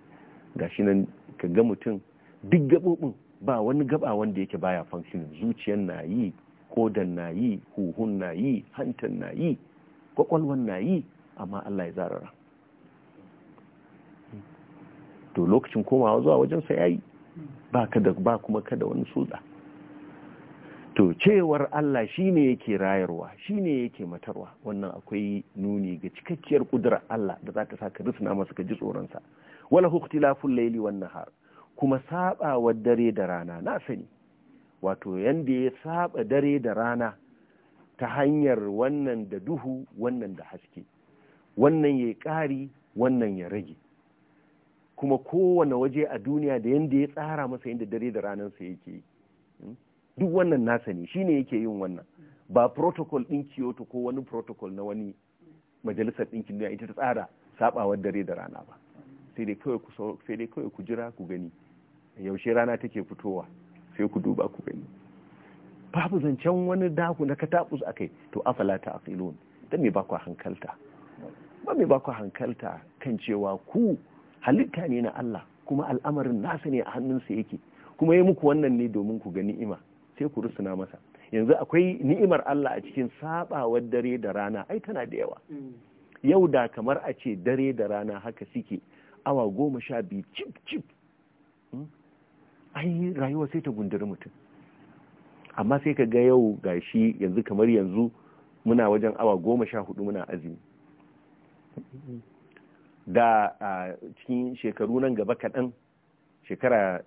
ga shi nan ka ga mutum duk gaɓoɓin ba wani gaba wanda yake baya function zuciyar na yi kodan na yi huhun na yi hantan na yi kwakwalwan na yi amma Allah ya zarara to lokacin komawa zuwa wajen sa yayi ba kada ba kuma kada wani sulda to cewar Allah shine yake rayarwa shine yake matarwa wannan akwai nuni ga cikakkiyar kudura Allah da za ta saka rufna masa ka ji tsoron sa wala al layli wan nahar kuma saɓawar dare da rana na sani wato yanda ya saba dare da rana ta hanyar wannan da duhu wannan da haske wannan ya ƙari wannan ya rage kuma kowane waje a duniya da yanda ya tsara masa yanda dare da ranansa yake yi hmm? duk wannan nasa ne shine yake yin wannan ba protocol ɗin kyoto ko wani protocol na wani majalisar ɗinkin duniya ita ta tsara sabawar dare da rana ba sai dai kawai ku jira ku gani yaushe rana take fitowa sai ku duba ku gani babu zancen wani daku na katabus akai to afala ta aqilun dan me ba ku hankalta ba me ba ku hankalta kan cewa ku halitta ne na Allah kuma al'amarin nasa ne a hannunsa yake kuma yi muku wannan ne domin ku ga ni'ima sai ku rusuna masa yanzu akwai ni'imar Allah a cikin sabawar dare da rana ai tana da yawa yau da kamar a ce dare da rana haka suke awa goma sha biyu cip cip hmm? ai rayuwa sai ta gundura mutum amma sai ka ga yau gashi yanzu kamar yanzu muna wajen awa goma sha hudu muna azumi da a cikin shekaru nan gaba kaɗan shekara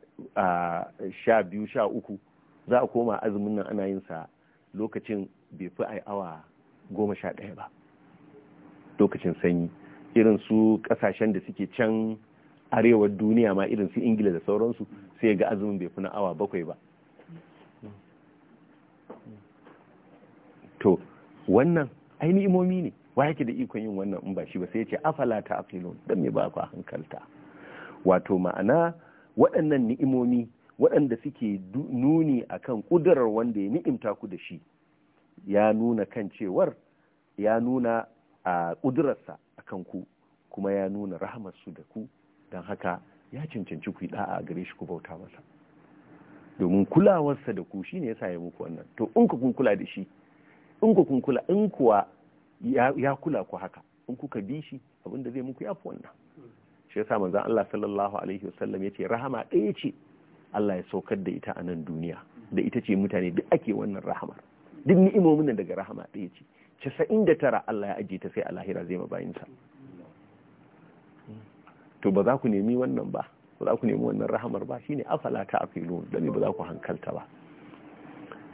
sha biyu sha uku za a koma azumin nan ana yin sa lokacin bai fi ai awa goma sha ɗaya ba lokacin sanyi irin su ƙasashen da suke can arewar duniya ma irin su ingila da sauransu sai ga azumin bai fi na awa bakwai ba to wannan ainihin imomi ne wa yake da ikon yin wannan in ba shi ba sai ya ce afala ta afilon don me ba ku hankalta wato ma'ana waɗannan ni'imomi waɗanda suke nuni akan ƙudurar wanda ya ni'imta ku da shi ya nuna kan cewar ya nuna a ƙudurarsa akan ku kuma ya nuna rahamarsu da ku don haka ya cancanci ku yi da'a a gare shi ku bauta masa domin kulawarsa da ku shine yasa ya muku wannan to in ku kun kula da shi in ku kun kula in kuwa ya kula ku haka in kuka bi shi abinda zai muku ya fi wannan shi yasa manzon Allah sallallahu alaihi wasallam yace rahama ɗaya ce Allah ya saukar da ita a nan duniya da ita ce mutane duk ake wannan rahamar duk ni'imomin daga rahama ɗaya ce 99 Allah ya ajiye ta sai a lahira zai mabayinsa to ba za ku nemi wannan ba ba za ku nemi wannan rahamar ba shine afala ta afilu dan ba za ku hankalta ba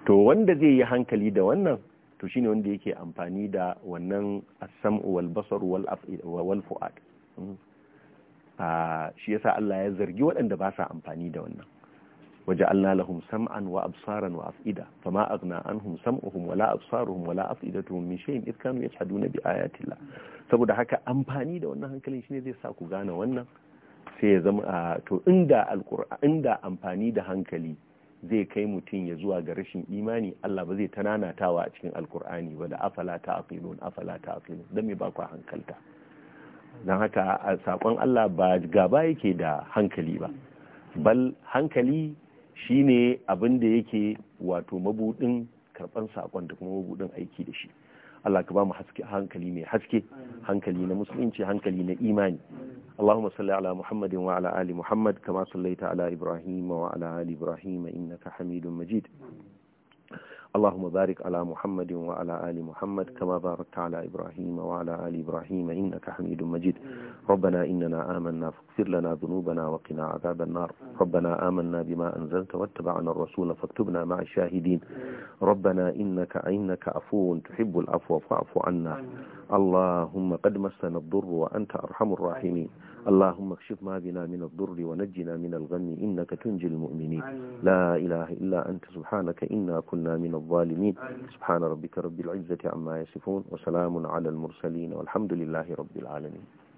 to wanda zai yi hankali da wannan to shine wanda yake amfani da wannan as-sam'u wal basar wal wal fu'ad hmm. ah, shi yasa Allah ya zargi waɗanda ba sa amfani da wannan وجعلنا لهم سمعا وابصارا وأفئدة فما اغنى عنهم سمعهم ولا ابصارهم ولا افئدتهم من شيء اذ كانوا يجحدون بايات الله saboda haka amfani da wannan hankalin shine zai sa ku gane wannan sai ya zama to inda alqur'an inda amfani da hankali zai kai mutum ya zuwa ga rashin imani Allah ba zai tananatawa a cikin alqur'ani ba da afala ta'qilun afala ta'qilun dan me ba ku hankalta dan haka sakon Allah ba gaba yake da hankali ba bal hankali Shi ne abin da yake wato mabudin karban sakon da kuma mabudin aiki da shi Allah ka ba mu haske hankali mai haske hankali na musulunci hankali na imani Allahumma salli ala Muhammadin wa ala ali Muhammad kama sallaita ala Ibrahim wa ala ali Ibrahim innaka hamidun Majid اللهم بارك على محمد وعلى آل محمد كما باركت على إبراهيم وعلى آل إبراهيم إنك حميد مجيد ربنا إننا آمنا فاغفر لنا ذنوبنا وقنا عذاب النار ربنا آمنا بما أنزلت واتبعنا الرسول فاكتبنا مع الشاهدين ربنا إنك إنك عفو تحب العفو فاعف عنا اللهم قد مسنا الضر وأنت أرحم الراحمين اللهم اكشف ما بنا من الضر ونجنا من الغم إنك تنجي المؤمنين لا إله إلا أنت سبحانك إنا كنا من الظالمين سبحان ربك رب العزة عما يصفون وسلام على المرسلين والحمد لله رب العالمين